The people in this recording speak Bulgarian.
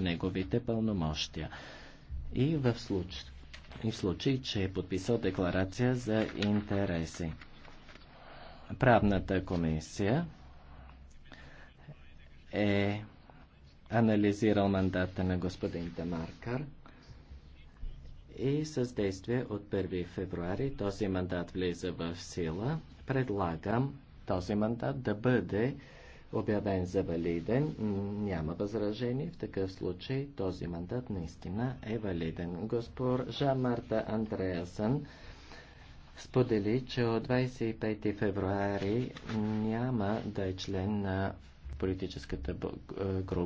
на неговите пълномощия. И в, случай, и в случай, че е подписал декларация за интереси. Правната комисия е анализирал мандата на господин Демаркър и с действие от 1 февруари този мандат влиза в сила. Предлагам този мандат да бъде обявен за валиден, няма възражение. В такъв случай този мандат наистина е валиден. Госпожа Марта Андреасън сподели, че от 25 февруари няма да е член на политическата е, група.